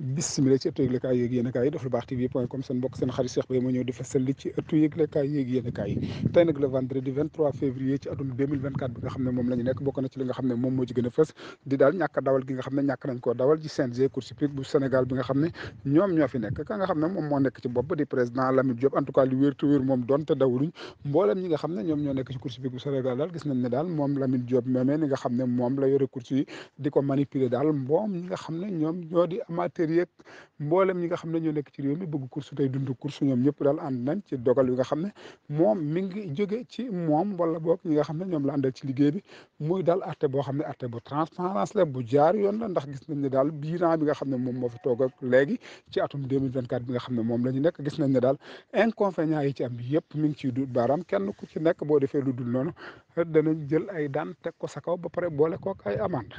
bisimila ci ëttu yëglekaay yéegi yéenekaay ci a fës di daal ñàkk a dawal gi nga xam ne ñàkk nañ ci CNG bi nga xam ne ñoom ñoo nekk ci bopp di président Lamine Diop en tout cas li wér tu wér moom doonte dawuluñ mboolem ñi nga xam nga xam ne moom la yore course di ko manipuler daal mboom ñi nga xam ne ñoom ñoo di amateur ministres yeeg mi ñi nga xam ne ñoo nekk ci réew mi bëgg course tey dund course ñoom ñëpp daal ànd nañ ci dogal yi nga xam ne moom mi ngi jóge ci moom wala book ñi nga xam ne ñoom la àndal ci liggéey bi muy daal ate boo xam ne atte bu transparence la bu jaar yoon la ndax gis nañ ne daal bilan bi nga xam ne moom moo fi toog ak léegi ci atum 2024 bi nga xam ne moom la ñu nekk gis nañ ne daal inconvénients yi ci am yëpp mi ngi ciy dut baaraam kenn ku ci nekk boo defee lu dul noonu danañ jël ay daan teg ko sa kaw ba pare boole kook ay amande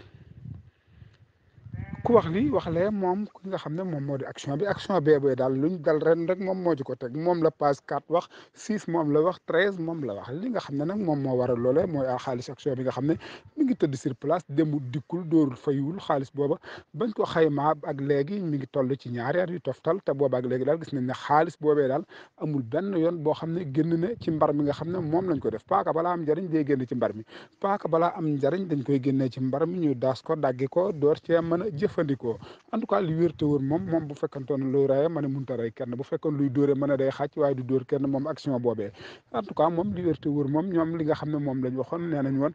ko wax li wax lee moom ki nga xam ne moom moo di action bi action bee daal luñ dal ren rek moom moo ji ko teg moom la passe 4 wax 6 moom la wax 13 moom la wax li nga xam ne nag moom moo waral loolee mooy xaalis action bi nga xam ne mi ngi tëdd dikkul dóorul fayul xaalis booba bañ ko xaymaa ak léegi mi ngi toll ci ñaari at yu toftal te booba ak léegi daal gis nañ ne xaalis boobee daal amul benn yoon boo xam ne génn na ci mbar mi nga xam ne moom lañ ko def paaka balaa am njariñ day génn ci mbar mi paaka balaa am njariñ dañ koy génnee mbar mi ñu daas ko daggi ko door cee mën a jëfandikoo en tout cas li wér te wóor moom moom bu fekkantoon luy raye mën a munta bu fekkoon luy dóore mën a day xàcc waaye du dóor kenn moom action boobee en tout cas moom li wér xam ne moom lañ waxoon nee nañ woon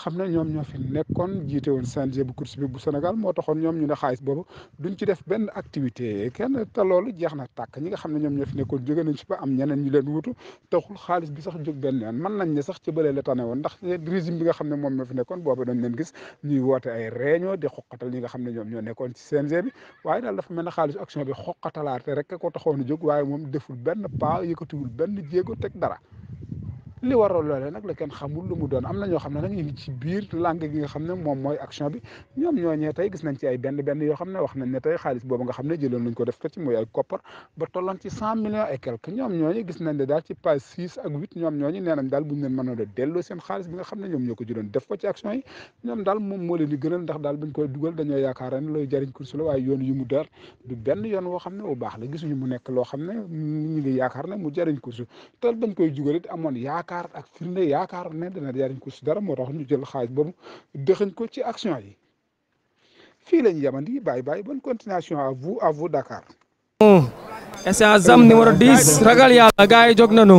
xam ne ñoom ñoo fi nekkoon jiite woon CNG bu course bi bu Sénégal moo taxoon ñoom ñu ne xaalis boobu duñ ci def benn activité kenn te loolu jeex na tàkk ñi nga xam ne ñoom ñoo fi nekkoon jóge nañ ci ba am ñeneen ñu leen wutu taxul xaalis bi sax jóg benn yoon nañ ne sax ci bële la tane woon ndax régime bi nga xam ne moom moo fi nekkoon boobu dañ leen gis ñuy woote ay réunion di xoqatal ñi nga xam ne ñoom ñoo nekkoon ci CNG bi waaye daal dafa mel ne xaalis action bi xoqatalaate rek ko taxoon a jóg waaye moom deful benn pas yëkkatiwul benn jeego teg dara li waral lolé nak la kenn xamul lu mu doon amna ño ñoo nak ñi ci biir langue gi nga xam mom moy action bi ñom ño ñe tay gis nañ ci ay benn benn yo xam wax nañ ne tay xaaliss bobu nga xam jëlon jëloon nañ ko def ko ci moy ay copper ba tollon ci 100 millions et quelque ño ñi gis nañ ne dal ci page 6 ak 8 ñom ño ñi nañ dal buñu leen mënoon delo seen xaaliss bi nga xam ñom ño ko jëlon def ko ci action yi ñom dal mom mo leen di gënal ndax dal buñ koy duggal dañu yaakaar ne looy jariñ kursu la way yoon yu mu dar du benn yoon wo xam ne bu baax la gisunu mu nekk lo xam ñi ngi yaakaar ne mu jariñ kursu tal bañ koy dugal amone yaak yaakaar ak firnde yaakaar ne dana jariñ ko ko ci action yi fii lañ yamandi bàyyi bàyyi bonne continuation à vous à vous Dakar. essence zam numéro 10 ragal yàlla gars yi jóg nañu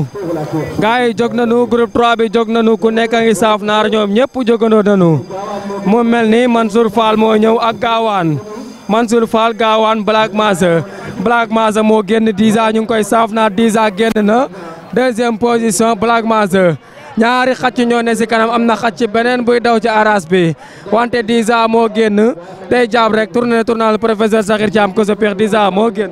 gars yi jóg nañu groupe 3 bi jóg nañu ku nekk a ngi saaf naar ñoom ñëpp jógandoo nañu mu mel ni Mansour Fall moo ñëw ak gaawaan Mansour Fall gaawaan Black Masa Black Masa moo génn 10 ans ñu ngi koy naar 10 ans génn na. deuxième position Black Master ñaari xàcc ñoo ne si kanam am na xàcc beneen buy daw ci aras bi wante Diza moo génn day jaab rek tourné tournal professeur Sakhir Thiam ko sa peex Diza moo génn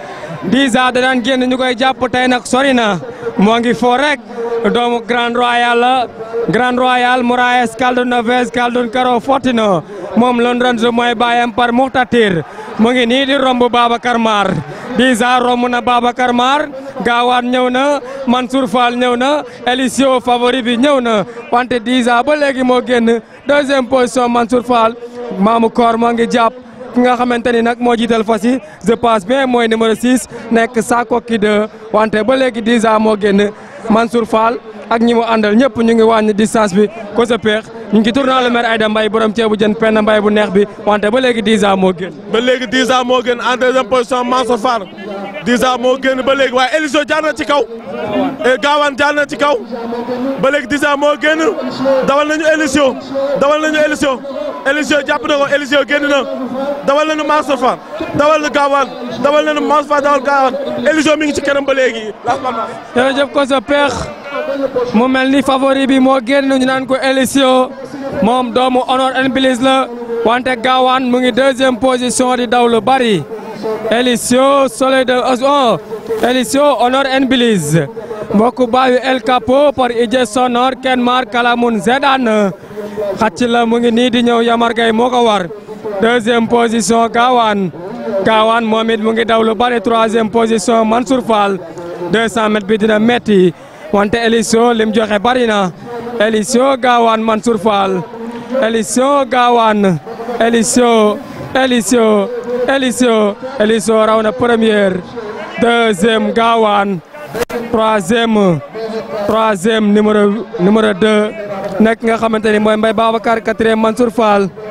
10 ans da daan génn ñu koy jàpp tey nag sori na moo ngi foo rek doomu Grand Royal la Grand Royal Moraes Kaldun Neves Kaldun Karo Fortino moom Lonrenzo mooy baayam par Muxtatir moo ngi nii di romb Babacar Mar 10 ans romb na Babacar Mar Gaawaan ñëw na Mansour Fall ñëw na Elisio favori bi ñëw na wante 10 ans ba léegi moo génn deuxième position Mansour Fall maamu koor moo ngi jàpp. nga xamante ni nag moo jiital fas yi je passe bien mooy numéro 6 nekk saako 2 wante ba léegi dèjà moo génn Mansour Fall ak ñi mu àndal ñëpp ñu ngi wàññi distance bi ko sa ñu ngi ci tournant le maire Aïda Mbaye borom ceebu jën penn mbay bu neex bi wante ba léegi dèjà moo génn. ba léegi dèjà moo génn en deuxième position Mansour Fall dèjà moo génn ba léegi waaye Eliseo jaar na ci kaw. Gaawaan jaar na ci kaw ba léegi dèjà moo génn dawal nañu Eliseo dawal nañu Eliseo. Eliseu jàpp na ko Eliseu génn na dawal nañu Mansour Fall dawal na Gawane dawal nañu Mansour Fall dawal Gawane Eliseu mi ngi ci kanam ba léegi Las Palmas. jërëjëf ko sa peex mu mel ni favori bi moo génn ñu naan ko Eliseu moom doomu Honor and Belize la wante Gawane mu ngi deuxième position di daw lu bari Eliseu Soleil de Eliseu Honor and Belize. Mokuba El Kapo par ije sonor ken mar kalamun zedan xacci Mungini, mu ngi Mogawar. di deuxième position Gawan. Gawan Mohamed Mungi mu troisième position Mansour Fall 200 mètres bi dina metti wante Elisio lim joxe bari na Elisio Gawan Mansour Fall Elisio Gawan. Elisio Elisio Elisio Elisio rawna première deuxième Gawan. troisième troisième numéro numéro deux nekk nga xamante ni ba Mbaye Babacar quatrième Mansour Fall